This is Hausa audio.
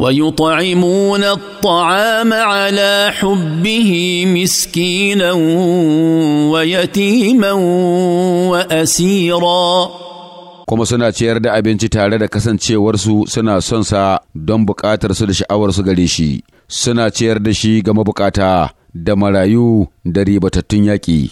ويطعمون الطعام على حبه مسكينا ويتيما واسيرا kuma suna ciyar da abinci tare da kasancewarsu suna son sa don bukatarsu da sha'awarsu gare shi suna ciyar da shi ga mabukata da marayu da ribatattun yaƙi